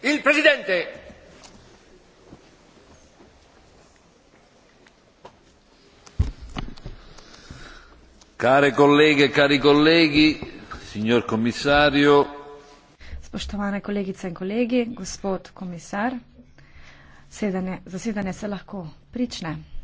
Il Presidente. Care colleghe e cari colleghi, signor Commissario. Spoštovane kolegice in kolegi, gospod komisar, zasedanje se lahko prične.